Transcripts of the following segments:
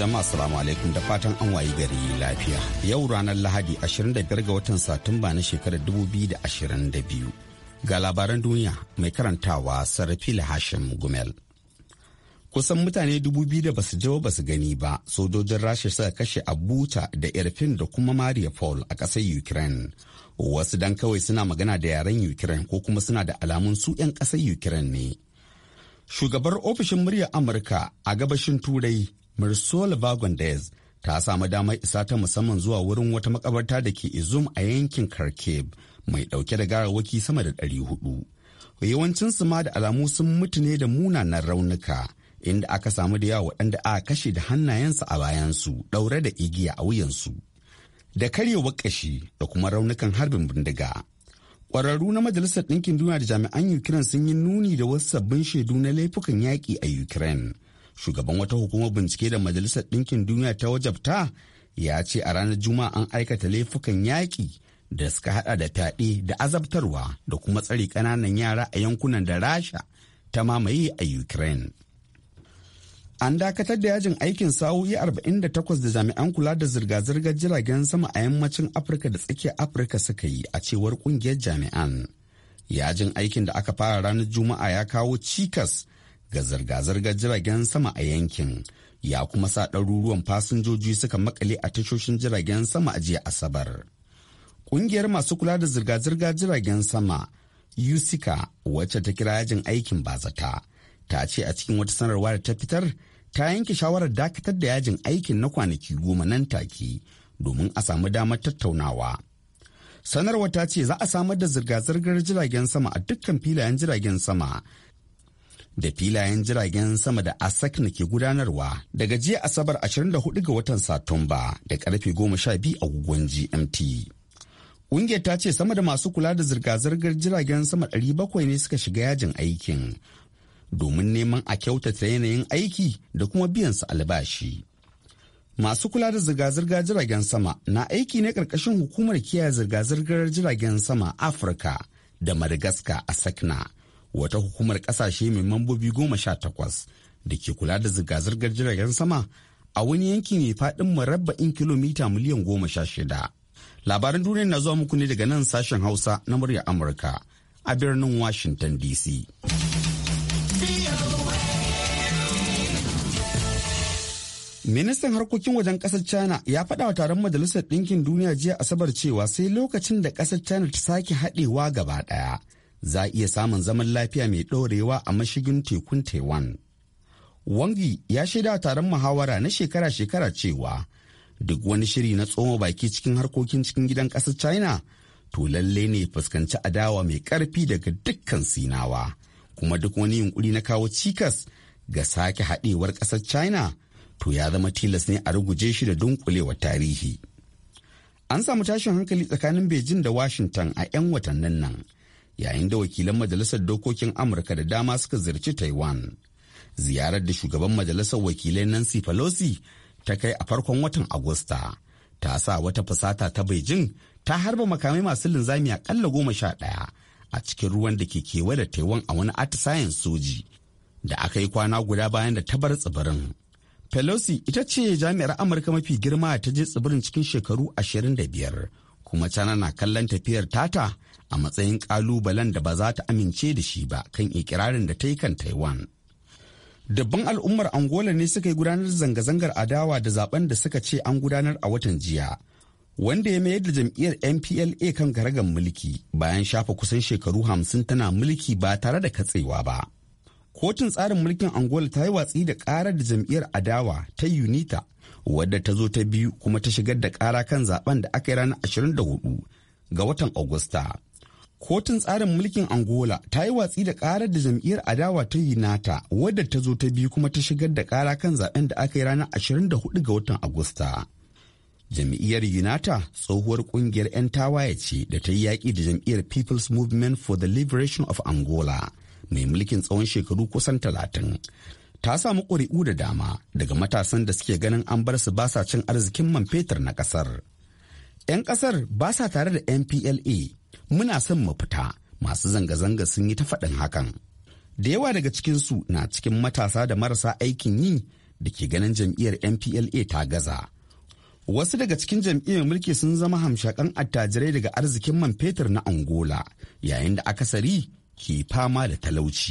jama'a salamu alaikum da fatan an wayi gari lafiya. Yau ranar Lahadi 25 ga watan Satumba na shekarar 2022. Ga labaran duniya mai karantawa Sarrafi Hashim Gumel. Kusan mutane dubu biyu da basu jawo basu gani ba, sojojin Rasha suka kashe Abuta da Irfin da kuma paul a ƙasar Ukraine. Wasu dan kawai suna magana da yaren Ukraine ko kuma suna da alamun su 'yan ƙasar Ukraine ne. Shugabar ofishin muryar Amurka a gabashin Turai Marsola Vagon ta samu damar isa ta musamman zuwa wurin wata makabarta da ke Izum a yankin Kharkiv mai dauke da garawaki sama da hudu Yawancinsu ma da alamu sun mutu ne da munanan raunuka inda aka samu da yawa waɗanda aka kashe da hannayensu a bayansu ɗaure da igiya a wuyansu. Da karyewar ƙashi da kuma raunukan harbin bindiga. Ƙwararru na Majalisar Ɗinkin Duniya da jami'an Ukraine sun yi nuni da wasu sabbin shaidu na laifukan yaƙi a Ukraine. shugaban wata hukumar bincike da majalisar ɗinkin duniya ta wajabta ya ce a ranar juma'a an aikata laifukan yaƙi da suka hada da taɗe. da azabtarwa da kuma tsari ƙananan yara a yankunan da rasha ta mamaye a ukraine an dakatar da yajin aikin sa'o'i 48 da jami'an kula da zirga-zirgar jiragen sama a yammacin afirka da tsakiyar afirka suka yi a cewar kungiyar jami'an yajin aikin da aka fara ranar juma'a ya kawo cikas ga zirga-zirgar jiragen sama a yankin ya kuma sa ɗaruruwan fasinjoji suka makale a tashoshin jiragen sama a jiya asabar ƙungiyar masu kula da zirga-zirga jiragen sama yusika wacce ta kira yajin aikin bazata ta ce a cikin wata sanarwa da ta fitar ta yanke shawarar dakatar da yajin aikin na kwanaki goma nan take domin a samu damar tattaunawa sanarwa ta ce za a samar da zirga-zirgar jiragen sama a dukkan filayen jiragen sama da filayen jiragen sama da asakna ke gudanarwa daga jiya asabar 24 ga watan satumba da karfe 12 agogon gmt ƙungiyar ta ce sama da masu kula da zirga-zirgar jiragen sama 700 ne suka shiga yajin aikin domin neman a kyautata yanayin aiki da kuma biyan su albashi masu kula da zirga-zirga jiragen sama na aiki ne ƙarƙashin hukumar kiyaye zirga-zirgar jiragen sama afirka da madagascar a sakna wata hukumar kasashe mai mambobi goma sha takwas da ke kula da zirga-zirgar jiragen sama a wani yanki mai faɗin marabba'in kilomita miliyan goma sha shida. Labaran duniya na zuwa muku ne daga nan sashen Hausa na murya Amurka a birnin Washington DC. Ministan harkokin wajen ƙasar China ya faɗa wa taron Majalisar Ɗinkin Duniya jiya Asabar cewa sai lokacin da ƙasar China ta sake haɗewa gaba ɗaya. za a iya samun zaman lafiya mai ɗorewa a mashigin tekun taiwan wangi ya shaida taron muhawara na shekara-shekara cewa duk wani shiri na tsoma baki cikin harkokin cikin gidan ƙasar china to lalle ne fuskanci adawa mai ƙarfi daga dukkan sinawa kuma duk wani yunkuri na kawo cikas ga sake haɗewar ƙasar china to ya zama tilas ne a ruguje shi da dunkulewar tarihi an samu tashin hankali tsakanin beijing da washington a 'yan watannin nan yayin da wakilan majalisar dokokin amurka da dama suka zirci taiwan ziyarar da shugaban majalisar wakilai nancy pelosi ta kai a farkon watan agusta ta sa wata fusata ta beijing ta harba makamai masu linzami akalla goma sha daya. a cikin ruwan da ke kewa da taiwan a wani atisayen soji da aka yi kwana guda bayan da ta bar tsibirin pelosi ita ce jami'ar amurka mafi girma ta je tsibirin cikin shekaru ashirin da biyar, kuma tana na kallon tafiyar tata a matsayin ƙalubalen da ba za ta amince da shi ba kan ikirarin da ta yi kan Taiwan. Dabban al'ummar Angola ne suka yi gudanar zanga-zangar adawa da zaben da suka ce an gudanar a watan jiya, wanda ya mayar da jam'iyyar MPLA kan garagan mulki bayan shafa kusan shekaru hamsin tana mulki ba tare da katsewa ba. Kotun tsarin mulkin Angola ta yi watsi da ƙarar da jam'iyyar adawa ta UNITA wadda ta zo ta biyu kuma ta shigar da ƙara kan zaben da aka yi ranar 24 ga watan Agusta. kotun tsarin mulkin angola ta yi watsi da karar da jam'iyyar adawa ta Yunata wadda ta zo ta biyu kuma ta shigar da kara kan zaben da aka yi ranar 24 ga watan agusta jam'iyyar Yunata, tsohuwar kungiyar 'yan tawaye ce da ta yi yaƙi da jam'iyyar people's movement for the liberation of angola mai mulkin tsawon shekaru kusan talatin ta samu ƙuri'u da dama daga matasan da suke ganin an bar su basa cin arzikin man fetur na ƙasar 'yan ƙasar ba sa tare da mpla muna son mu fita masu zanga-zanga sun yi ta faɗin hakan da yawa daga cikinsu na cikin matasa da marasa aikin yi da ke ganin jam'iyyar mpla ta gaza wasu daga cikin jam'iyyar mulki sun zama hamshakan attajirai daga arzikin man fetur na angola yayin da akasari ke fama da talauci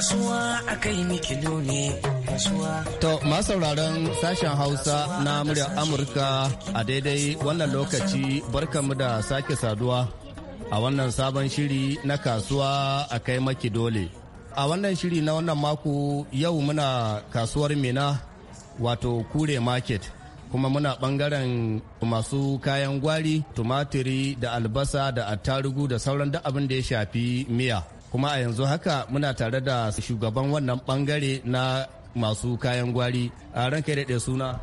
kasuwa akai mikilo ne To masu sauraron sashen Hausa na muryar Amurka a daidai wannan lokaci barkamu da sake saduwa a wannan sabon shiri na kasuwa a kai maki dole. A wannan shiri na wannan mako yau muna kasuwar Mina wato kure market kuma muna bangaren masu kayan gwari tumatiri da albasa da attarugu da sauran duk abin da ya shafi miya. kuma a yanzu haka muna tare da shugaban wannan bangare na masu kayan gwari a ranka daɗe suna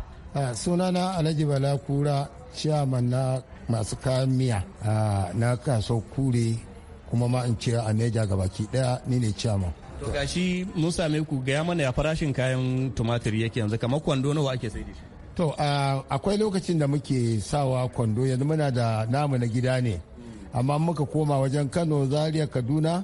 suna na alhaji bala kura ciyaman na masu kayan miya na kaso kure kuma ma in ce a neja gabaki daya ni ne ciyaman to gashi mun same ku gaya mana ya farashin kayan tumatir yake yanzu kamar kwando nawa ake sai shi to akwai lokacin da muke sawa kwando yanzu muna da namu na gida ne amma muka koma wajen kano zaria kaduna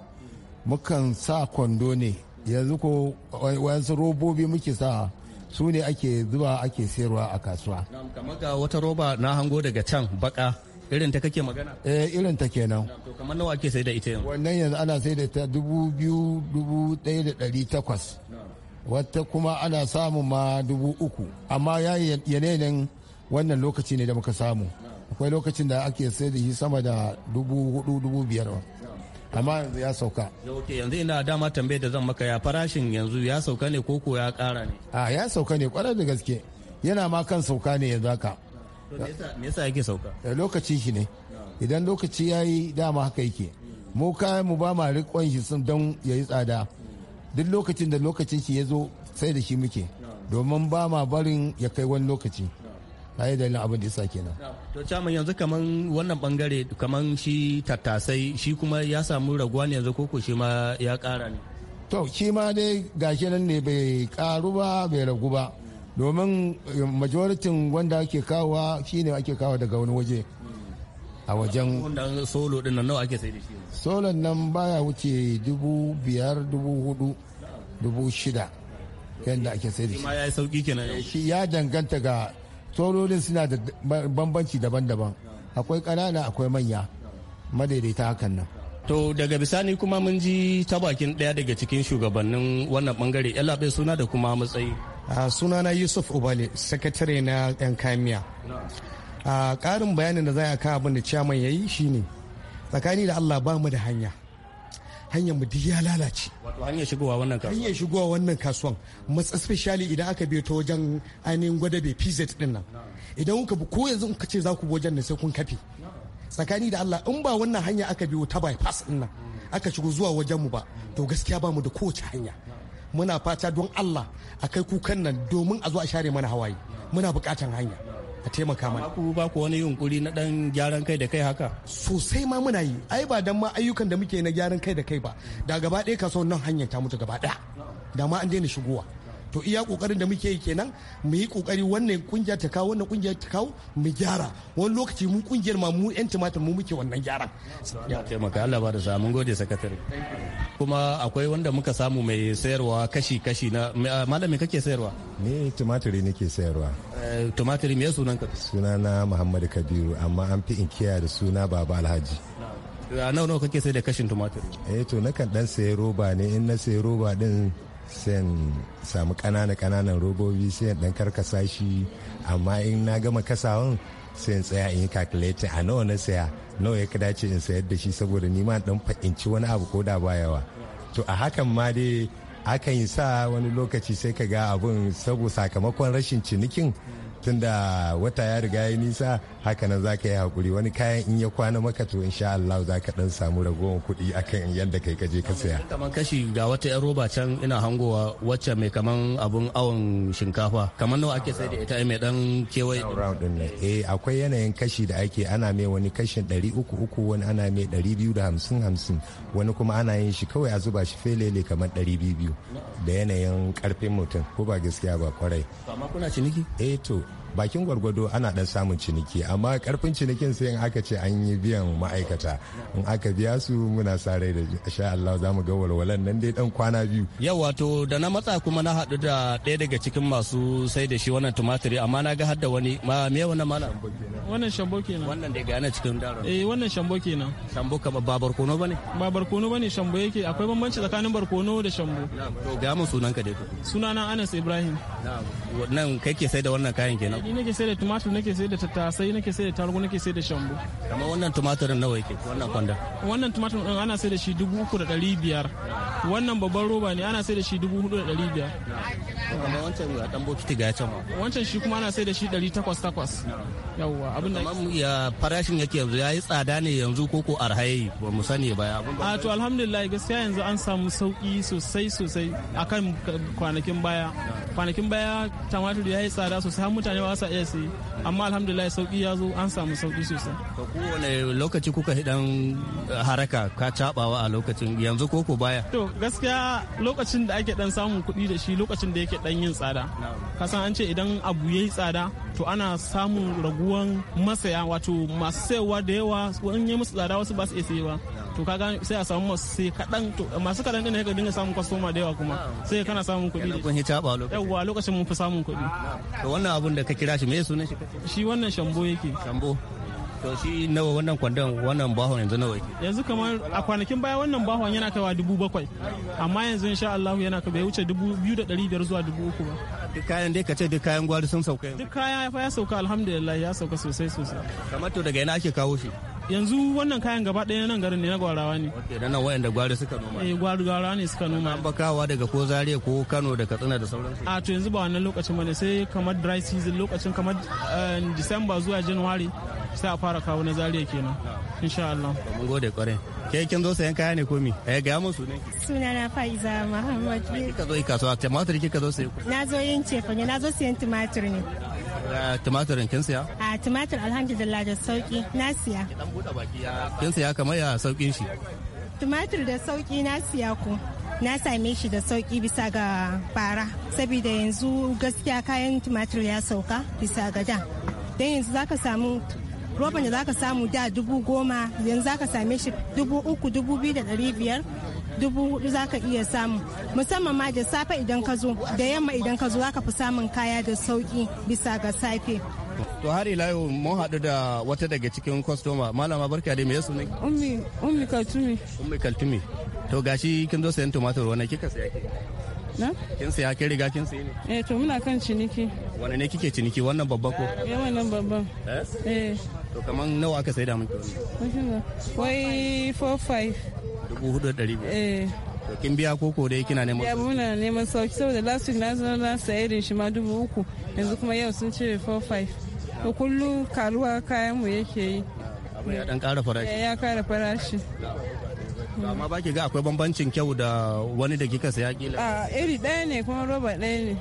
mukan sa kwando ne yanzu ko wayansu robobi muke sa su ne ake zuba ake sayarwa a kasuwa kamar ga wata roba na hango daga can baka irin ta kake magana eh irin ta kenan kamar nawa ake sai da ita yanzu wannan yanzu ana sai da ta dubu biyu dubu ɗaya da ɗari takwas wata kuma ana samu ma dubu uku amma ya yanayin wannan lokaci ne da muka samu akwai lokacin da ake sai da shi sama da dubu hudu dubu biyar amma yanzu ya sauka Yauke yanzu ina dama tambayar da zan maka ya farashin yanzu ya sauka ne ko ya kara ne a ya sauka ne kwarar da gaske yana ma kan sauka ne yanzu haka me yasa yake sauka eh, lokaci shi ne idan lokaci ya yi dama haka yake mu kayan mu ba ma rikon shi sun don ya yi tsada duk lokacin da lokacin shi ya zo sai da shi muke domin ba ma barin ya kai wani lokaci yi dalilin abin da yasa kenan to chairman yanzu kaman wannan bangare kaman shi tattasai shi kuma ya samu raguwa ne yanzu koko shi ma ya kara ne to shi ma dai gashi nan ne bai karu ba bai ragu ba domin eh, majoritin wanda ake kawowa ne ake kawo daga wani waje a wajen solo din nan nawa ake sai da shi solo nan baya wuce dubu biyar dubu hudu dubu shida yadda ake sai da ya yi kenan eh, shi ya danganta ga tsororin suna da bambanci daban-daban akwai ƙanana akwai manya madaidaita hakan nan to daga bisani kuma mun ji ta bakin ɗaya daga cikin shugabannin wannan bangare yalaɓe suna da kuma matsayi sunana yusuf ubale sakatare na yan kamiya ƙarin bayanin da za a kawo abin da ciyaman ya yi shine tsakani da allah ba mu da hanya hanyar mu duk ya lalace wato hanyar shigowa wannan kasuwan hanyar shigowa wannan kasuwan masu especially idan aka bi ta wajen ainihin gwadabe PZ din idan kuka bi ko yanzu kuka ce za ku bi wajen nan sai kun kafe tsakani da Allah in ba wannan hanya aka biyo ta bypass din nan mm. aka shigo zuwa wajen mu ba to gaskiya ba mu da kowace hanya muna fata don Allah a kai kukan nan domin a zo a share mana hawaye muna bukatan hanya A taimaka mana ku ba ku wani yunkuri na dan gyaran kai da kai haka sosai ma muna yi ai ba dan ma ayyukan da muke na gyaran kai da kai ba da gaba ɗaya kasuwan nan hanyar ta mutu gaba ɗaya da ma an daina shigowa to iya kokarin da muke yi kenan mu yi kokari wannan kungiya ta kawo wannan kungiya ta kawo mu gyara wani lokaci mu kungiyar ma mu yan tumatir mu muke wannan gyaran ya taimaka Allah ba da sa mun gode sakatare kuma akwai wanda muka samu mai sayarwa kashi kashi na ah, malami kake sayarwa ni tumatiri nake sayarwa eh, tumatiri me sunan ka na Muhammadu Kabiru amma an fi inkiya da suna Baba Alhaji A ah, nawa nawa kake sai da kashin tumatir eh to nakan dan sayi roba ne in na sayi roba din sai samu kanana kananan robobi sai dan karkasa shi amma in na gama kasawan sai in tsaya in yi calculating a nawa na saya nawa ya dace in sayar da shi saboda ni dan fahimci wani abu ko da ba to a hakan ma dai akan yi sa wani lokaci sai ka ga abun sabo sakamakon rashin cinikin tunda wata ya riga ya nisa haka nan zaka yi hakuri wani kayan in ya kwana maka to insha Allah za ka dan samu ragowar kuɗi akan yadda kai ka je ka saya kaman kashi ga wata yan roba can ina hangowa wacce mai kaman abun awon shinkafa kamar nawa ake sai da ita mai dan kewaye e eh akwai yanayin kashi da ake ana mai wani kashin ɗari uku uku wani ana mai ɗari biyu da hamsin-hamsin wani kuma ana yin shi kawai a zuba shi felele kamar ɗari biyu da yanayin karfin mutum ko ba gaskiya ba kwarai amma kuna ciniki eh to bakin gwargwado ana dan samun ciniki amma karfin cinikin sai in aka ce an yi biyan ma'aikata in aka biya su muna sa rai da sha Allah za mu ga walwalan nan dai dan kwana biyu yau wato da na matsa kuma na haɗu da ɗaya daga cikin masu sai da shi wannan tumatiri amma na ga hadda wani ma me wannan mana wannan shambo kenan wannan da ga cikin daro eh wannan shambo kenan shambo kama ba barkono bane ba barkono bane shambo yake akwai bambanci tsakanin barkono da shambo to ga mu sunanka dai to sunana Anas Ibrahim na'am wannan kai ke sai da wannan kayan kenan ni nake sai da tumatur nake sai da tattasai nake sai da tarugu nake sai da shambu kamar wannan tumaturin nawa yake wannan kwanda wannan tumatur din ana sai da shi dubu uku da ɗari biyar wannan babban roba ne ana sai da shi dubu hudu da ɗari biyar kamar wancan a dan bokiti ga can wancan shi kuma ana sai da shi ɗari takwas takwas yawwa abin da ya farashin yake yanzu ya yi tsada ne yanzu ko ko arhaye ba mu sani ba a to alhamdulillah gaskiya yanzu an samu sauki sosai sosai akan kwanakin baya kwanakin baya tumatur ya yi tsada sosai har mutane ba sa iya yi amma alhamdulillah sauki ya zo an samu sauki sosai ka kowane lokaci kuka hidan eh, haraka ka cabawa a lokacin yanzu ko ko baya to gaskiya lokacin da ake dan samun kuɗi da shi lokacin da yake dan yin tsada kasan an ce idan abu ya yi tsada to ana samun raguwan masaya wato masu sayarwa da yawa wani ya musu tsada wasu ba su iya sayewa to kaga sai a samu masu sai kaɗan to masu kaɗan ɗin ka dinga samun kwastoma da yawa kuma sai kana samun kuɗi kun hita ba lokacin yawa lokacin mun fi samun kuɗi to wannan abun da ka kira shi me sunan shi shi wannan shambo yake shambo to shi nawa wannan kwandon wannan bahon yanzu nawa yanzu kamar a kwanakin baya wannan bahon yana kaiwa dubu bakwai amma yanzu insha Allah yana ka bai wuce dubu biyu da ɗari biyar zuwa dubu uku ba duk kayan dai ka ce duk kayan gwari sun sauka yanzu duk kaya ya sauka alhamdulillah ya sauka sosai sosai kamar to daga ina ake kawo shi yanzu wannan kayan gaba ɗaya nan garin ne na gwarawa ne. Ok, da nan wayanda gwari suka noma. Eh, gwari gwarawa ne suka noma. An bakawa daga ko Zaria ko Kano da Katsina da sauransu. A to yanzu ba wannan lokacin bane sai kamar dry season lokacin kamar eh, December zuwa January sai a fara kawo na zariya kenan insha Allah mun gode kware ke kin zo sayan kaya ne ko mi eh ga musu ne suna na Faiza Muhammad kika zo kasuwa tumatir kika zo sayo na zo yin cefa ne na zo sayan tumatir ne eh, Tumatir kin siya? A tumatir alhamdulillah da sauki na siya. Kin siya kamar ya saukin shi? Tumatir da sauki na siya ko. Na same shi da sauki bisa ga bara. Saboda yanzu gaskiya kayan tumatir ya sauka bisa ga da. dan yanzu za ka samu roban da ka samu da dubu goma yanzu ka same shi dubu uku dubu biyu da ɗari biyar dubu hudu ka iya samu musamman ma da safe idan ka zo da yamma idan ka zo ka fi samun kaya da sauki bisa ga safe to har ila yau mun haɗu da wata daga cikin kwastoma malama barka da me yasu ne ummi ummi kaltumi ummi kaltumi to gashi kin zo sayan tumatur wani kika saya ke na kin saya kin riga kin sayi ne eh to muna kan ciniki wani ne kike ciniki wannan babba ko eh wannan babban eh, eh. to kaman nawa aka sai da miki wannan wai 45 dubu hudu da dari eh to kin biya koko dai kina neman ya muna neman sauki saboda last week na zo na saye irin shi ma dubu uku yanzu kuma yau sun ce 45 to kullu karuwa kayan mu yake yi ah, abin ya dan kara farashi ya kara farashi amma ba ki ga akwai bambancin kyau da wani da kika saya kila a ah, iri ɗaya ne kuma roba ɗaya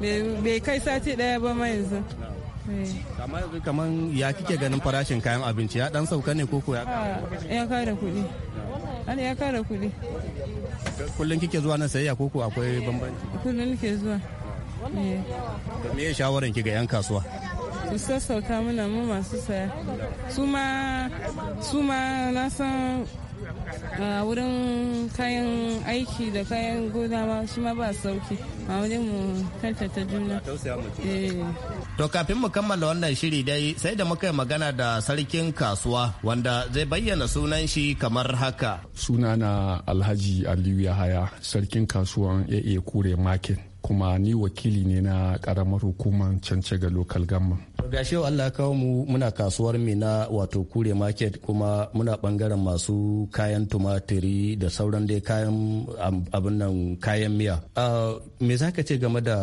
ne bai kai sati ɗaya ba ma yanzu ah. kamar ya kike ganin farashin kayan abinci ya dan sauka ne koko ya ah, ya da kuɗi ana ya kara kuɗi kullum kike zuwa nan sayayya koko akwai bambanci kullum kike zuwa eh. me ya shawaran ki ga yan kasuwa su sassauta muna mu masu saya su ma su ma na san a wurin kayan aiki da kayan gona ma shi ma ba sauki a wani mu tantata juna To kafin mu kammala wannan shiri dai sai da muka yi magana da sarkin kasuwa wanda zai bayyana sunan shi kamar haka. Sunana Alhaji Aliyu Yahaya sarkin kasuwan AA Kure Market kuma ni wakili ne na karamar hukumar lokal Local Government. gashi Allah kawo mu muna kasuwar na wato kure market kuma muna bangaren masu kayan tumatiri da sauran dai kayan abin nan kayan miya ah, me za ka ce game da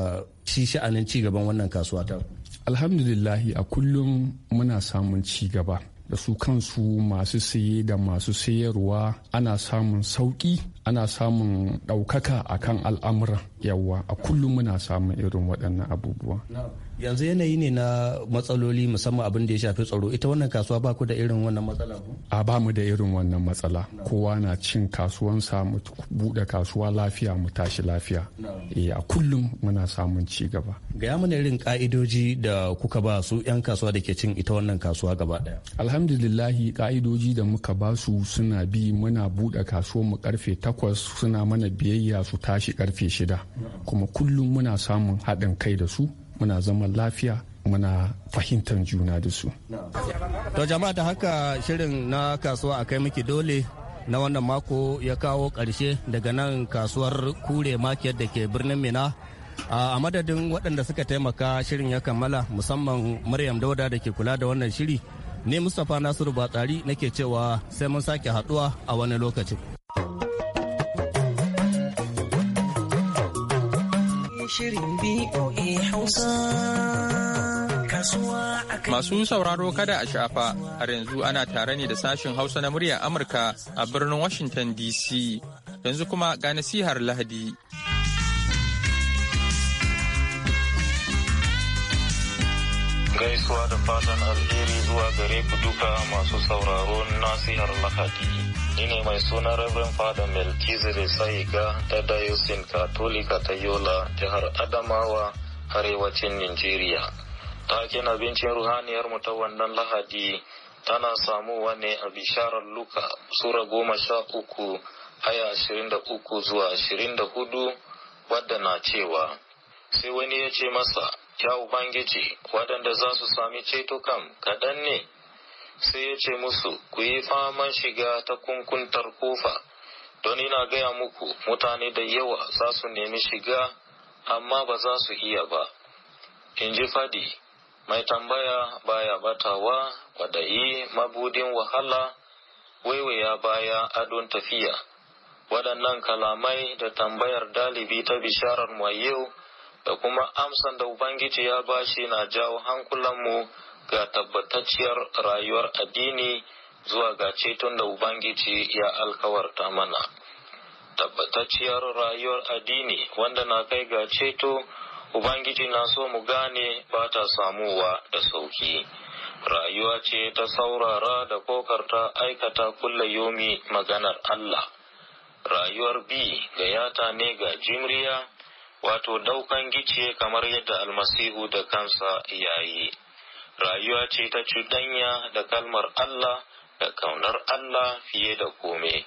shi sha'anin gaban wannan kasuwa ta alhamdulillahi a kullum muna samun ci gaba da su kansu masu saye da masu sayarwa ana samun sauƙi ana samun ɗaukaka a kan al'amura yawa a kullum muna samun irin waɗannan abubuwa yanzu yanayi ne na matsaloli musamman abin da ya shafi tsaro ita wannan kasuwa ba ku da irin wannan matsala a ba mu da irin wannan matsala kowa na cin kasuwansa mu buɗe kasuwa lafiya mu tashi lafiya eh, a kullum muna samun ci gaba gaya mana irin ka'idoji da kuka ba su 'yan kasuwa da ke cin ita wannan kasuwa gaba daya alhamdulillahi ka'idoji da muka ba su suna bi muna buɗe kasuwar mu karfe 8 takwas suna mana biyayya su tashi karfe shida kuma kullum muna samun haɗin kai da su muna zaman lafiya muna fahimtar juna da su. To jama'a da haka shirin na kasuwa a kai miki dole na wannan mako ya kawo ƙarshe daga nan kasuwar kure makiyar da ke birnin mina a madadin waɗanda suka taimaka shirin ya kammala musamman maryam dauda da ke kula da wannan shiri ne mustapha nasiru batsari nake cewa sai mun sake haɗuwa a wani lokacin. Masu sauraro kada a shafa, har yanzu ana tare ne da sashen Hausa na muryar Amurka a birnin Washington DC. Yanzu kuma ga nasihar Lahadi. Gaisuwa da fatan alheri zuwa gare ku duka masu sauraro nasihar Lahadi. Ni ne mai suna Reverend Father Melchizedek Saiga ta Dayosin Katolika ta Yola jihar Adamawa arewacin Nigeria. Takin abincin ruhaniyarmu ta wannan lahadi tana samuwa ne a bisharar Luka Sura goma sha uku aya ashirin da uku zuwa ashirin da hudu wadda na cewa. Sai wani ya ce masa, Ya Ubangiji, waɗanda za su sami ceto kam kaɗan ne. sai ya ce musu ku yi faman shiga ta kunkuntar kofa don ina gaya muku mutane da yawa za su nemi shiga amma ba za su iya ba in ji fadi mai tambaya baya batawa kwadayi mabudin wahala waiwaya baya adon tafiya waɗannan kalamai da tambayar dalibi ta bisharar mu da kuma amsan da ubangiji ya bashi na jawo hankulanmu ga tabbatacciyar rayuwar addini zuwa ga ceton da Ubangiji ya alkawarta mana. Tabbatacciyar rayuwar addini wanda na kai ga ceto Ubangiji na so mu gane ba ta samuwa da sauki. Rayuwa ce ta saurara da kokarta aikata kulle yomi maganar Allah. Rayuwar bi ga yata ne ga jimriya, wato daukan gice kamar yadda almasihu da kansa yayi. rayuwa ce ta cuɗanya da kalmar Allah da kaunar Allah fiye da kome.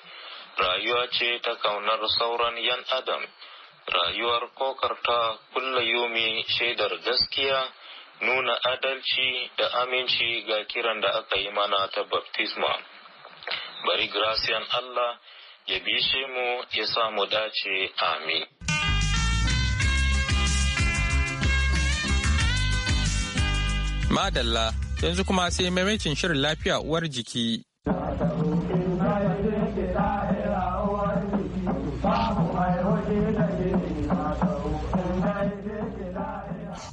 Rayuwa ce ta kaunar sauran yan Adam, rayuwar kokarta kulla yomi shaidar gaskiya, nuna adalci da aminci ga kiran da aka yi mana ta baptisma. Bari gracian Allah ya bishe mu ya samu dace amin. Madalla yanzu kuma sai maimacin shirin lafiya uwar jiki.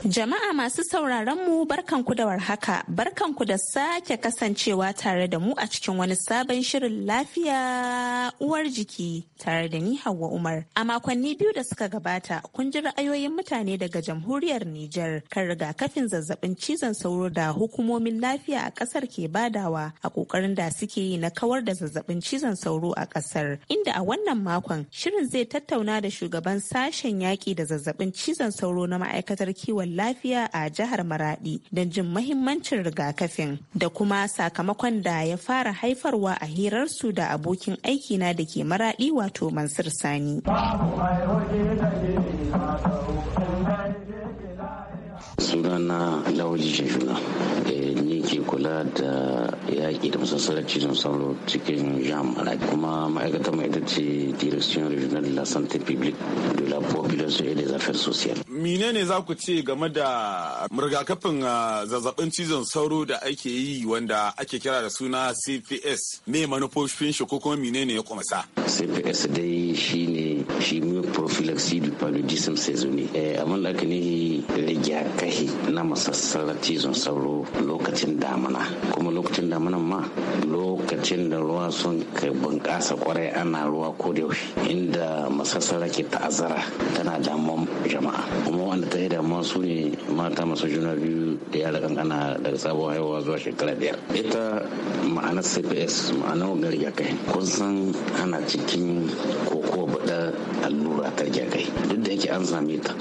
Jama'a A masu sauraron mu barkanku da warhaka, barkanku da sake kasancewa tare da mu a cikin wani sabon shirin lafiya uwar jiki tare da ni Hauwa Umar. A makonni biyu da suka gabata kun ji ra'ayoyin mutane daga jamhuriyar Nijar kan rigakafin zazzabin cizon sauro da hukumomin lafiya a kasar ke badawa a kokarin da suke yi na kawar da zazzabin cizon sauro a kasar. Inda a wannan makon shirin zai tattauna da shugaban sashen yaki da zazzabin cizon sauro na ma'aikatar kiwon lafiya a jihar Maradi don jin mahimmancin rigakafin da kuma sakamakon da ya fara haifarwa a hirarsu da abokin aikina da ke Maradi wato Mansur Sani. sunana ke kula da yaƙi da musassarar cizon sauro cikin jam kuma ma'aikatar mai ita ce direction regional de la santé publique de la population et des affaires sociales menene za ku ce game da rigakafin ah, zazzabin cizon sauro da ake yi wanda ake kira da suna cps me manufofin shi ko kuma menene ya kumasa cps dai shine chemoprophylaxis du paludisme saisonnier eh, amma da aka rigakafi na masassarar cizon sauro lokacin damana kuma lokacin damanan ma lokacin da ruwa sun ka bunƙasa kwarai ana ruwa ko da yaushe inda masassara ke ta'azara tana damuwan jama'a kuma wanda ta yi damuwa su ne mata masu juna biyu da yara kankana daga sabon haihuwa zuwa shekara biyar ita ma'anar cps ma'anar kai kun san ana cikin kokowa da allura ta kai duk da yake an same ta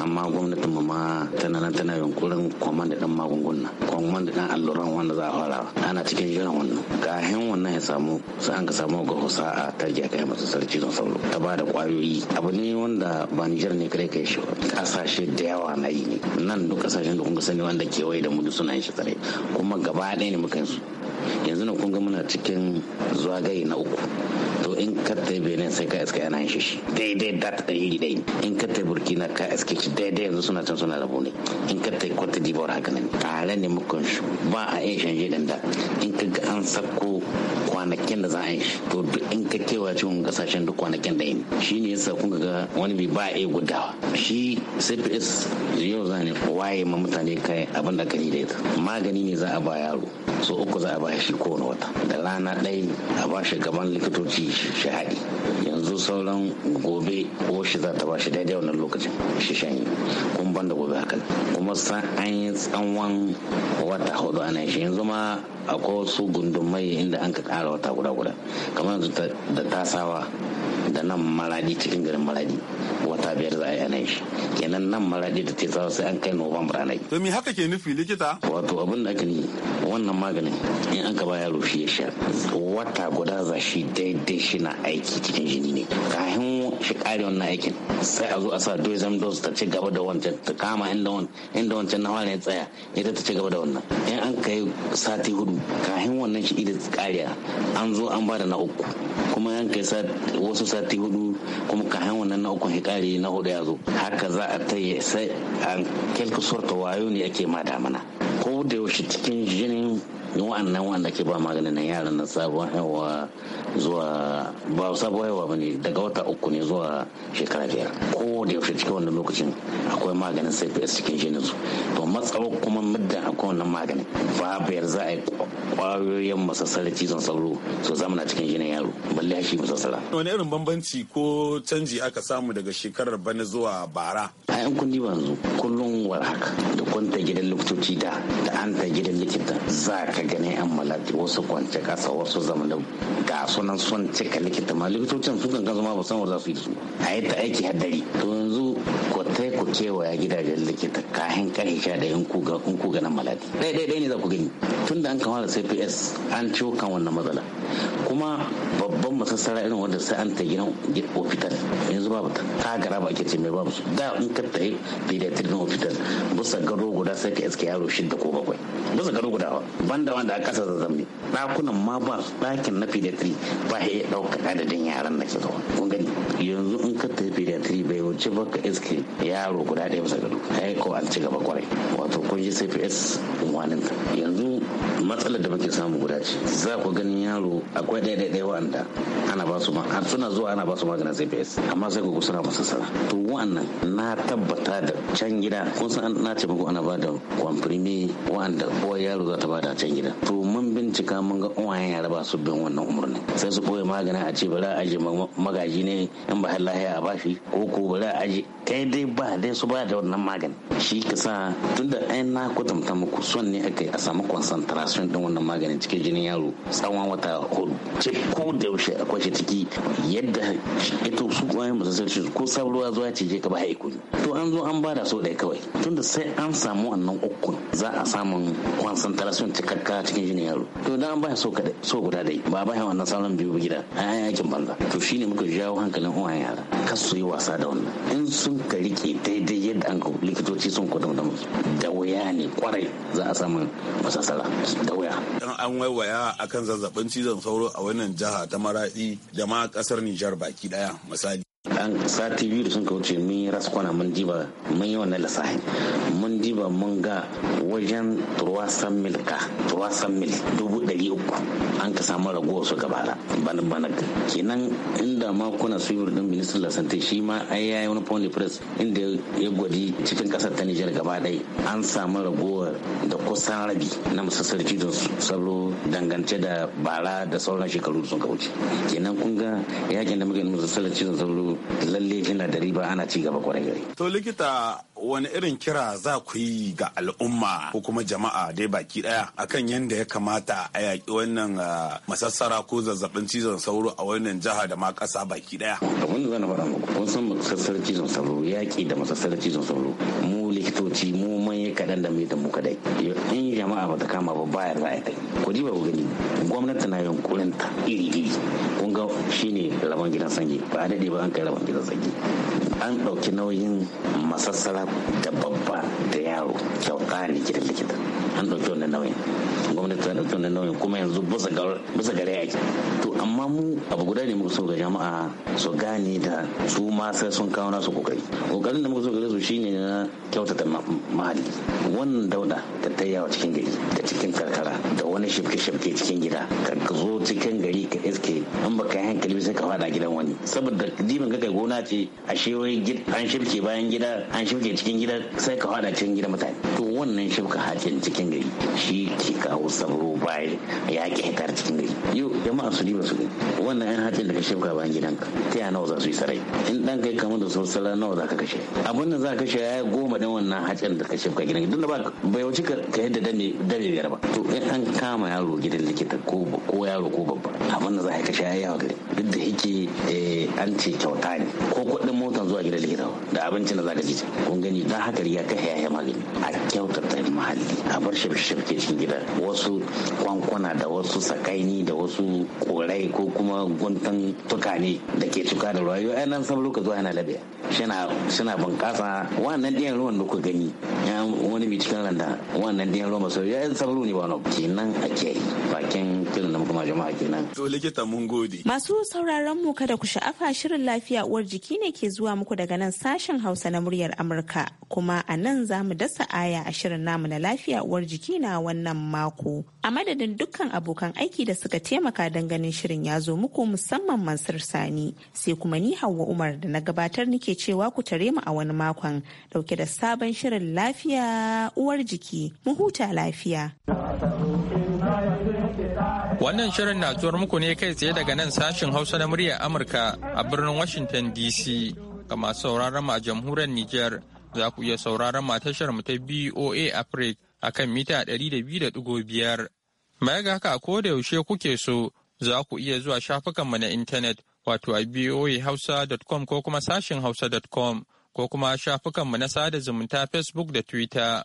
amma gwamnatin kuma tana nan tana yunkurin kwamanda dan magunguna kwamanda dan alluran wanda za a fara ana cikin jiran wannan kahin wannan ya samu su an ka samu ga husa a tarki a kai masu sarki don sauro ta ba da kwayoyi abu ne wanda ba Nijar ne kare kai shi kasashe da yawa na yi ne nan duk kasashen da kun sani wanda kewaye da mu suna yin shi tsare kuma gaba ɗaya ne muka su yanzu na kun ga muna cikin zagaye na uku sai benin sai ka iska yana shi shi daidai da ta yi dai in ka tai burkina ka iska shi daidai yanzu suna can suna rabu ne in ka tai kwata dibar haka ne tare ne mukan shi ba a iya shanje da in ka ga an sako kwanakin da za a yi to duk in ka kewa cikin kasashen duk kwanakin da yi shi ne yasa kun ga wani bi ba a iya gudawa shi cps yau za ne waye ma mutane kai abin da gani da ita magani ne za a ba yaro so uku za a ba shi kowane wata da rana ɗaya a ba shi gaban likitoci shahadi yanzu sauran gobe ko shi za ta bashi daidai wannan lokacin shi shanyi kun ban da gobe haka kuma san an yi tsawon wata hudu ana shi yanzu ma akwai wasu gundumai inda an ka kara wata guda guda kamar yanzu da tasawa da nan maradi cikin garin maladi wata biyar za a yi nan shi kenan nan maladi da ta zawo sai an kai nuwambar nai to me haka ke nufi likita wato abin da aka yi wannan maganin in an ka ba yaro shi ya sha wata guda za shi daidai shi na aiki cikin jini ne kahin shi kare wannan aikin sai a zo a sa tourism dos ta ci gaba da wancan ta kama inda inda wancan na wani ya tsaya ita ta ci gaba da wannan in an kai sati hudu kafin wannan shi ida kariya an zo an ba da na uku kuma an kai wasu sati hudu kuma kafin wannan na uku hikari na hudu ya zo haka za a ta yi sai an kelkusur ta wayo ne ake ma damana ko da yaushe cikin jinin wa'annan wanda ke ba maganin nan yara na sabon haihuwa zuwa ba sabon haihuwa ba daga wata uku ne zuwa shekara biyar ko da yaushe cikin wannan lokacin akwai maganin sai cikin shi su to matsawa kuma muddin akwai wannan maganin Ba yar za a yi kwayoyin masassara cizon sauro su na cikin jinin yaro balle shi masassara. wani irin bambanci ko canji aka samu daga shekarar bana zuwa bara. a yan kundi ba yanzu kullum war haka da kwanta gidan likitoci da da an ta gidan likita za ka ganin yan malati wasu kwance kasa wasu da ga sunan son cika likita ma likitocin sun kan ma ba san za su yi su a yi ta aiki haddari to yanzu ko tai ku kewaya gidajen likita kahin karhe sha da yan kuga kun kuga nan malati ɗaya ɗaya ne za ku gani tun da an kama da cps an ciwo kan wannan matsala kuma babban masassara irin wanda sai an ta gina ofital yanzu babu ta ta gara ba ake ce mai babu da in ka yi pediatric na ofital bisa gado guda sai ka iske yaro shidda ko bakwai bisa gado guda ba da wanda a kasa da zambi ɗakunan ma ba ɗakin na pediatric ba ya ɗauka adadin yaran da ke zuwa kun gani yanzu in ka tafi kwance baka iske yaro guda ɗaya bisa gado kai ko an ci gaba kwarai wato kun ji cps wani yanzu matsalar da muke samu guda ce za ku ganin yaro akwai ɗaya ɗaya wa'anda ana ba su ma suna zuwa ana ba su maganin cps amma sai ku suna masu sara to wa'annan na tabbata da can gida kun san na ce muku ana ba da kwamfirmi wa'anda uwar yaro za ta ba da can gida to mun bincika mun ga uwayen yara ba su bin wannan umarni sai su ɓoye magana a ce bari a aje magaji ne in ba lahiya a bashi ko ko bari za a aji kai dai ba dai su ba da wannan magani shi ka sa tun da ɗayan na kwatanta muku son ne aka yi a samu concentration ɗin wannan maganin cikin jinin yaro tsawon wata hudu ce ko da yaushe akwai shi ciki yadda ita su kwayoyin masu sarki ko sabuwa zuwa ce je ka ba haiku to an zo an ba da so ɗaya kawai tun da sai an samu wannan uku za a samu concentration cikakka cikin jinin yaro to da an ba so kaɗai so guda dai ba ba wannan salon biyu gida a yakin banza to shine muka jawo hankalin uwayen yara kasu yi wasa da wannan in sun ka rike daidai yadda an likitoci sun kwadon da musu da waya ne kwarai za a samu masasara da waya dan an waiwaya akan zazzabin cizon sauro a wannan jiha ta maradi da ma kasar Nijar baki daya misali an sati biyu da sun ka wuce mun yi raskwana mun diba mun yi wannan lissafi mun diba mun ga wajen turwasan mil ka turwasan mil dubu ɗari uku an ka samu ragowar su gaba bana bana kenan inda ma kuna su yi din ministan lasante shi ma ai yayi wani pound press inda ya gwadi cikin kasar ta Nijar gaba ɗaya an samu ragowar da kusan rabi na musassar jidon salo dangance da bara da sauran shekaru sun ka wuce kenan kun ga yakin da muke musassar jidon salo yanzu lalle yana da riba ana ci gaba kwarai to likita wani irin kira za ku yi ga al'umma ko kuma jama'a dai baki daya akan yadda ya kamata a yaƙi wannan ah, masassara ko zazzabin cizon sauro a wannan jiha da ma ƙasa baki daya da wani zan fara muku kun san masassarar cizon sauro yaƙi da masassarar cizon sauro mu likitoci mu manya kaɗan da mai da mu kaɗai. in jama'a ba ta kama ba bayar za a kai ku ji ba ku gani gwamnati na yunkurin ta iri-iri kun ga ne rabon gidan sanyi ba a daɗe ba an kai rabon gidan sanyi an ɗauki nauyin masassara da babba da yaro kyauta ne gidan likita an ɗauki wannan nauyin gwamnati ta ɗauki wannan nauyin kuma yanzu bisa gare yaki. to amma mu abu guda ne muka so ga jama'a su gane da su ma sai sun kawo nasu kokari kokarin da muka so gare su shine na kyautata mahalli wannan dauda da ta yawa cikin gari da cikin karkara da wani shifke-shifke cikin gida ka zo cikin gari ka iske in baka yi hankali sai ka fada gidan wani saboda dimin ga gona ce a gid an shifke bayan gida an shifke cikin gida sai ka fada cikin gida mutane to wannan shifka hakin cikin gari shi ke kawo sabo bayan ya ke hitar cikin gari yau jama'a su diba su wannan yan hakin da ka shifka bayan gidanka ta yana nawa za su yi sarai in dan kai kamar da sosai nawa za ka kashe abin da za ka kashe ya goma din wannan hakin da ka shifka gidan gidan da ba bai wuce ka yadda dane dane biyar ba to in an kama yaro gidan likita ko yaro ko babba abin da za a yi ka sha yawa gari duk da yake eh, an ce kyauta ne ko kudin motan zuwa gidan likita da abincin da za ka ci kun gani don haka ya ka haya magani a kyautata muhalli a bar shafke cikin gida wasu kwankwana da wasu sakaini da wasu korai ko kuma guntun tukane da ke cuka da ruwa yau nan san lokaci zuwa yana labiya suna bunƙasa wannan ɗiyan ruwan da ku gani wani mai cikin randa wannan ɗiyan ruwan masu yau yan san ne ba wani kenan ake yi bakin kiran da muka jama'a kenan. To likita mun gode. Masu sauraron mu kada ku sha'afa shirin lafiya uwar jiki ne ke zuwa muku daga nan sashen Hausa na muryar Amurka kuma a nan za mu dasa aya a shirin namu na lafiya uwar jiki na wannan mako. A madadin dukkan abokan aiki da suka taimaka don ganin shirin ya zo muku musamman Mansur Sani sai kuma ni Hauwa Umar da na gabatar nike cewa ku tare mu a wani makon dauke da sabon shirin lafiya uwar jiki mu huta lafiya. Wannan shirin na zuwar muku ne kai tsaye daga nan sashin Hausa na muryar Amurka a birnin Washington DC. Ga masu sauraron a jamhuriyar Nijar za ku iya sauraron ma tashar mu ta BOA Africa a kan mita 200.5. mai ga haka ko da yaushe kuke so za ku iya zuwa shafukanmu na intanet wato a boahausa.com ko kuma sashin hausa.com ko kuma shafukanmu na sada zumunta Facebook da Twitter.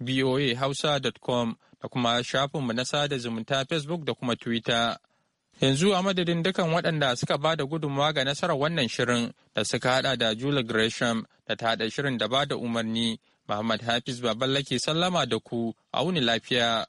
voahausa.com da kuma shafinmu na sada zumunta Facebook da kuma Twitter. Yanzu a madadin dukan waɗanda suka ba da gudunmawa ga nasarar wannan shirin da suka hada da jula Gresham da ta haɗa shirin da ba da umarni, Muhammad Hafiz Baballake sallama da ku, a wuni lafiya.